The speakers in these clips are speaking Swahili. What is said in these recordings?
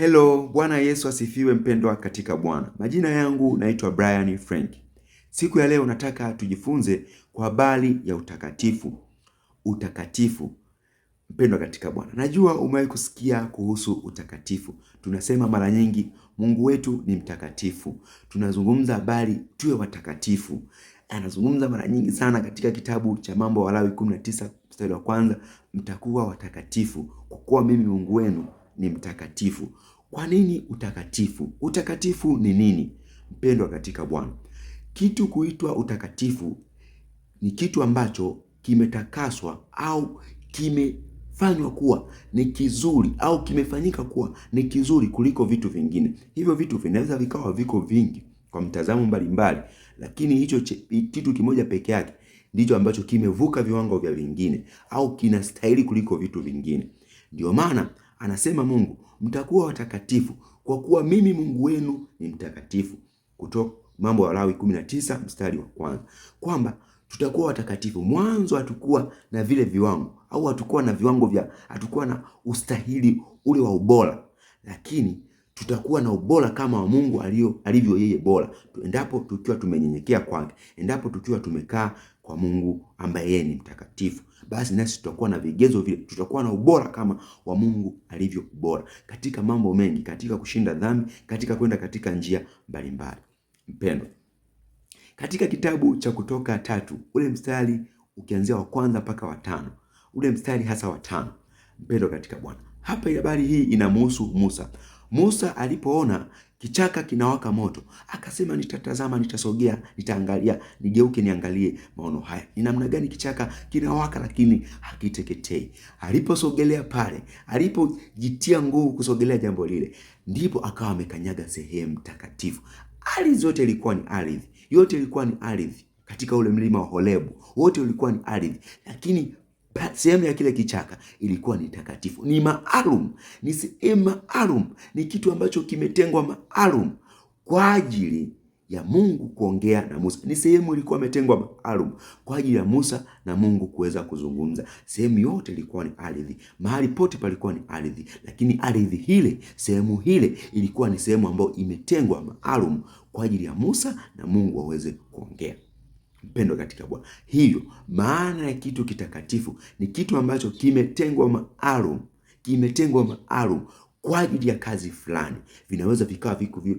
Hello, Bwana Yesu asifiwe mpendwa katika Bwana. Majina yangu naitwa Brian Frank. Siku ya leo nataka tujifunze kwa habari ya utakatifu. Utakatifu mpendwa katika Bwana. Najua umewahi kusikia kuhusu utakatifu. Tunasema mara nyingi Mungu wetu ni mtakatifu. Tunazungumza habari tuwe watakatifu. Anazungumza mara nyingi sana katika kitabu cha Mambo ya Walawi 19 mstari wa kwanza, mtakuwa watakatifu kwa kuwa mimi Mungu wenu ni mtakatifu. Kwa nini utakatifu? Utakatifu ni nini, mpendwa katika Bwana? Kitu kuitwa utakatifu ni kitu ambacho kimetakaswa au kimefanywa kuwa ni kizuri au kimefanyika kuwa ni kizuri kuliko vitu vingine. Hivyo vitu vinaweza vikawa viko vingi kwa mtazamo mbalimbali, lakini hicho kitu kimoja peke yake ndicho ambacho kimevuka viwango vya vingine au kinastahili kuliko vitu vingine. Ndio maana Anasema Mungu, mtakuwa watakatifu kwa kuwa mimi Mungu wenu ni mtakatifu. Kutoka Mambo ya Walawi 19 mstari wa kwanza, kwamba tutakuwa watakatifu. Mwanzo hatukuwa na vile viwango au hatukuwa na viwango vya, hatukuwa na ustahili ule wa ubora, lakini tutakuwa na ubora kama wa Mungu alivyo yeye bora, endapo tukiwa tumenyenyekea kwake, endapo tukiwa tumekaa kwa Mungu ambaye yeye ni mtakatifu, basi nasi tutakuwa na vigezo vile, tutakuwa na ubora kama wa Mungu alivyo bora katika mambo mengi, katika kushinda dhambi, katika kwenda katika njia mbalimbali. Mpendwa, katika kitabu cha Kutoka tatu ule mstari ukianzia wa kwanza mpaka wa tano ule mstari hasa wa tano mpendwa katika Bwana, hapa habari hii inamuhusu Musa. Musa alipoona Kichaka kinawaka moto, akasema nitatazama, nitasogea, nitaangalia, nigeuke niangalie maono haya ni namna gani kichaka kinawaka lakini hakiteketei. Aliposogelea pale, alipojitia nguvu kusogelea jambo lile, ndipo akawa amekanyaga sehemu takatifu. Ardhi zote ilikuwa ni ardhi, yote ilikuwa ni ardhi katika ule mlima wa Horebu, wote ulikuwa ni ardhi, lakini sehemu ya kile kichaka ilikuwa ni takatifu, ni maalum, ni sehemu maalum, ni kitu ambacho kimetengwa maalum kwa ajili ya Mungu kuongea na Musa. Ni sehemu ilikuwa imetengwa maalum kwa ajili ya Musa na Mungu kuweza kuzungumza. Sehemu yote ilikuwa ni ardhi, mahali pote palikuwa ni ardhi, lakini ardhi hile, sehemu hile ilikuwa ni sehemu ambayo imetengwa maalum kwa ajili ya Musa na Mungu waweze kuongea. Mpendwa katika Bwana. Hivyo maana ya kitu kitakatifu ni kitu ambacho kimetengwa maalum, kimetengwa maalum kwa ajili ya kazi fulani. Vinaweza vikawa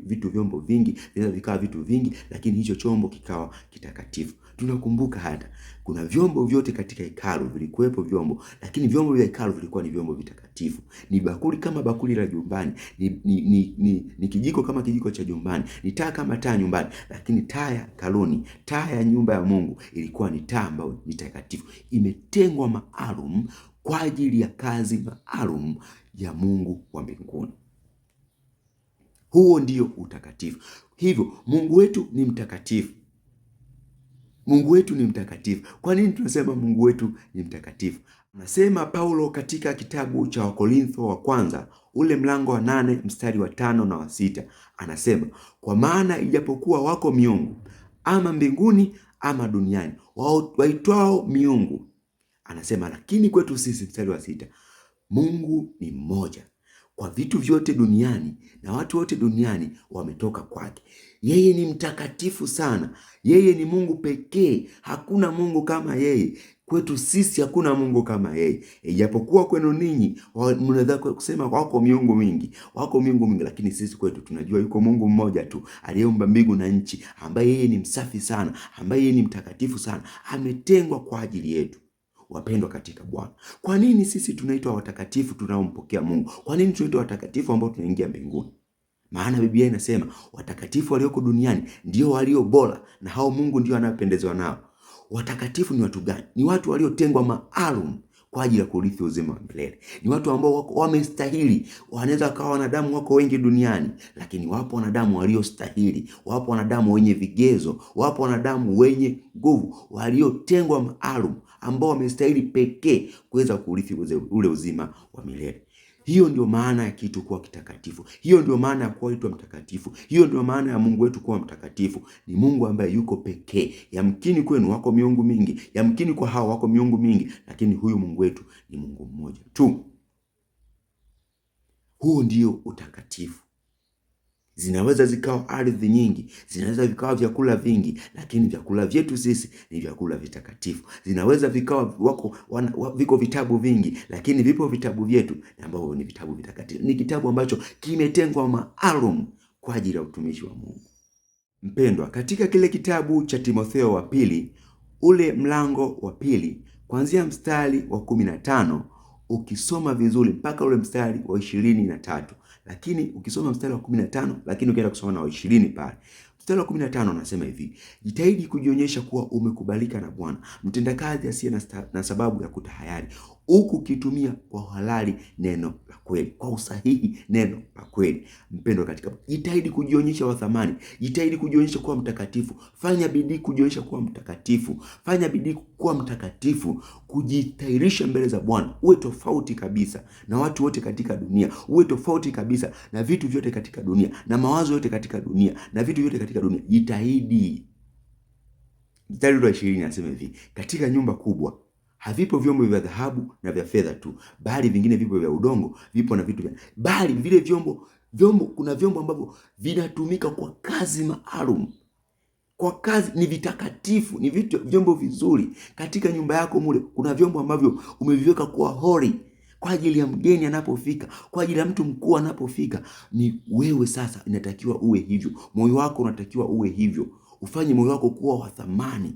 vitu vyombo vingi, vinaweza vikawa vitu vingi, lakini hicho chombo kikawa kitakatifu tunakumbuka hata kuna vyombo vyote katika hekalu vilikuwepo vyombo, lakini vyombo vya hekalu vilikuwa ni vyombo vitakatifu. Ni bakuli kama bakuli la jumbani, ni, ni, ni, ni, ni kijiko kama kijiko cha jumbani, ni taa kama taa nyumbani. Lakini taa ya kaloni, taa ya nyumba ya Mungu ilikuwa ni taa ambayo ni takatifu, imetengwa maalum kwa ajili ya kazi maalum ya Mungu wa mbinguni. Huo ndio utakatifu. Hivyo Mungu wetu ni mtakatifu Mungu wetu ni mtakatifu. Kwa nini tunasema Mungu wetu ni mtakatifu? Anasema Paulo katika kitabu cha Wakorintho wa kwanza ule mlango wa nane mstari wa tano na wa sita anasema, kwa maana ijapokuwa wako miungu ama mbinguni ama duniani waitwao miungu, anasema lakini kwetu sisi, mstari wa sita, Mungu ni mmoja kwa vitu vyote duniani na watu wote duniani wametoka kwake. Yeye ni mtakatifu sana, yeye ni Mungu pekee, hakuna Mungu kama yeye. Kwetu sisi hakuna Mungu kama yeye, ijapokuwa kwenu ninyi mnaweza kusema wako miungu mingi, wako miungu mingi, lakini sisi kwetu tunajua yuko Mungu mmoja tu aliyeumba mbingu na nchi, ambaye yeye ni msafi sana, ambaye yeye ni mtakatifu sana, ametengwa kwa ajili yetu wapendwa katika Bwana. Kwa nini sisi tunaitwa watakatifu tunaompokea Mungu? Kwa nini tunaitwa watakatifu ambao tunaingia mbinguni? Maana Biblia inasema watakatifu walioko duniani ndio walio bora, na hao Mungu ndio anayopendezwa nao. Watakatifu ni watu gani? Ni watu waliotengwa maalum kwa ajili ya kurithi uzima wa milele. Ni watu ambao wamestahili, wanaweza kawa wanadamu wako wengi duniani, lakini wapo wanadamu waliostahili, wapo wanadamu wenye vigezo, wapo wanadamu wenye nguvu, waliotengwa maalum, ambao wamestahili pekee kuweza kurithi ule uzima wa milele. Hiyo ndio maana ya kitu kuwa kitakatifu. Hiyo ndio maana ya kuitwa mtakatifu. Hiyo ndio maana ya Mungu wetu kuwa mtakatifu. Ni Mungu ambaye yuko pekee. Yamkini kwenu wako miungu mingi, yamkini kwa hao wako miungu mingi, lakini huyu Mungu wetu ni Mungu mmoja tu. Huu ndio utakatifu zinaweza zikawa ardhi nyingi, zinaweza vikawa vyakula vingi, lakini vyakula vyetu sisi ni vyakula vitakatifu. Zinaweza vikawa wako, wana, viko vitabu vingi, lakini vipo vitabu vyetu ambavyo ni vitabu vitakatifu. Ni kitabu ambacho kimetengwa maalum kwa ajili ya utumishi wa Mungu. Mpendwa, katika kile kitabu cha Timotheo wa pili ule mlango wa pili kuanzia mstari wa kumi na tano ukisoma vizuri mpaka ule mstari wa ishirini na tatu lakini ukisoma mstari wa 15 lakini ukienda kusoma na wa 20 pale. Mstari wa 15 anasema hivi, jitahidi kujionyesha kuwa umekubalika na Bwana, mtendakazi asiye na sababu ya kutahayari, huku ukitumia kwa uhalali neno la kweli, kwa usahihi neno la kweli. Mpendwa katika jitahidi kujionyesha wa thamani, jitahidi kujionyesha kuwa mtakatifu. Fanya bidii kujionyesha kuwa mtakatifu, fanya bidii kuwa mtakatifu, kujitahirisha mbele za Bwana. Uwe tofauti kabisa na watu wote katika dunia, uwe tofauti kabisa na vitu vyote katika dunia na mawazo yote katika dunia na vitu vyote katika dunia. Jitahidi. Mstari wa ishirini anasema hivi, katika nyumba kubwa havipo vyombo vya dhahabu na vya fedha tu, bali vingine vipo vya udongo, vipo na vitu vya bali vile vyombo vyombo, kuna vyombo ambavyo vinatumika kwa kazi maalum kwa kazi ni vitakatifu, ni vitu vyombo vizuri. Katika nyumba yako mule kuna vyombo ambavyo umeviweka kwa hori kwa ajili ya mgeni anapofika, kwa ajili ya mtu mkuu anapofika. Ni wewe sasa, inatakiwa uwe hivyo, moyo wako unatakiwa uwe hivyo, ufanye moyo wako kuwa wa thamani.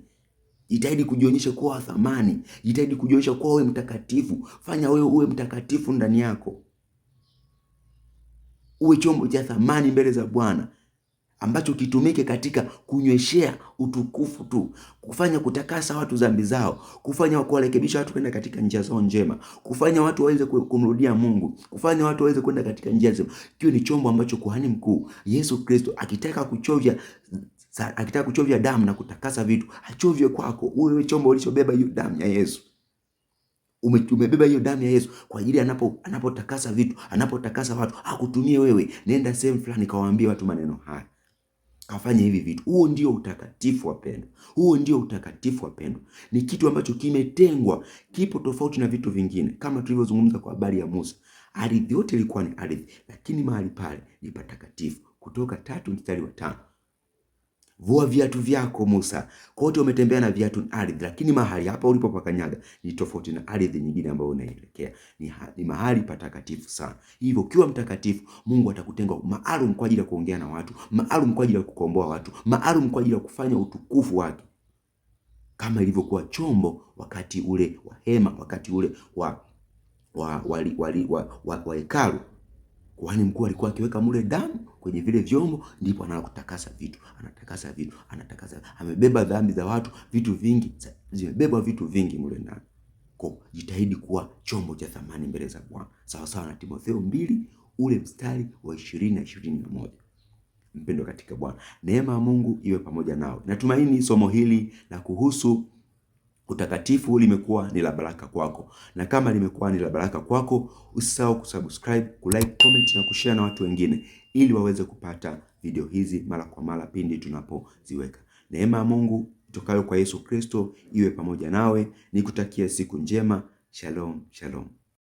Jitahidi kujionyesha kuwa wa thamani, jitahidi kujionyesha kuwa wewe mtakatifu. Fanya wewe uwe mtakatifu ndani yako, uwe chombo cha thamani mbele za Bwana ambacho kitumike katika kunyweshea utukufu tu, kufanya kutakasa watu dhambi zao, kufanya kuwarekebisha watu kwenda katika njia zao njema, kufanya watu waweze kumrudia Mungu, kufanya watu waweze kwenda katika njia zao. Kio ni chombo ambacho kuhani mkuu Yesu Kristo akitaka kuchovya akitaka kuchovya damu na kutakasa vitu, achovye kwako wewe, chombo ulichobeba hiyo damu ya Yesu. Umebeba hiyo damu ya Yesu kwa ajili anapo anapotakasa vitu, anapotakasa watu, akutumie wewe. Nenda sehemu fulani, kawaambie watu maneno haya, kafanye hivi vitu. Huo ndio utakatifu wapendwa, huo ndio utakatifu wapendwa. Ni kitu ambacho kimetengwa, kipo tofauti na vitu vingine, kama tulivyozungumza kwa habari ya Musa. Ardhi yote ilikuwa ni ardhi, lakini mahali pale ni patakatifu. Kutoka tatu mstari wa tano vua viatu vyako Musa. Kwa umetembea na viatu ardhi, lakini mahali hapa ulipo pakanyaga ni tofauti na ardhi nyingine ambayo unaelekea, ni, ni mahali patakatifu sana. Hivyo ukiwa mtakatifu, Mungu atakutenga maalum kwa ajili ya kuongea na watu, maalum kwa ajili ya kukomboa watu, maalum kwa ajili ya kufanya utukufu wake, kama ilivyokuwa chombo wakati ule wa hema, wakati ule wa wa hekalu wa, wa, wa, wa Kuhani mkuu alikuwa akiweka mule damu kwenye vile vyombo, ndipo anakutakasa vitu, anatakasa vitu, anatakasa. Amebeba dhambi za watu, vitu vingi zimebebwa, vitu vingi mule ndani. Kwa jitahidi kuwa chombo cha thamani mbele za Bwana, sawa sawa na Timotheo mbili ule mstari wa ishirini na ishirini na moja. Mpendo katika Bwana, neema ya Mungu iwe pamoja nao Natumaini somo hili la kuhusu utakatifu limekuwa ni la baraka kwako, na kama limekuwa ni la baraka kwako, usisahau kusubscribe, kulike, comment na kushare na watu wengine, ili waweze kupata video hizi mara kwa mara pindi tunapoziweka. Neema ya Mungu itokayo kwa Yesu Kristo iwe pamoja nawe. Nikutakia siku njema. Shalom, shalom.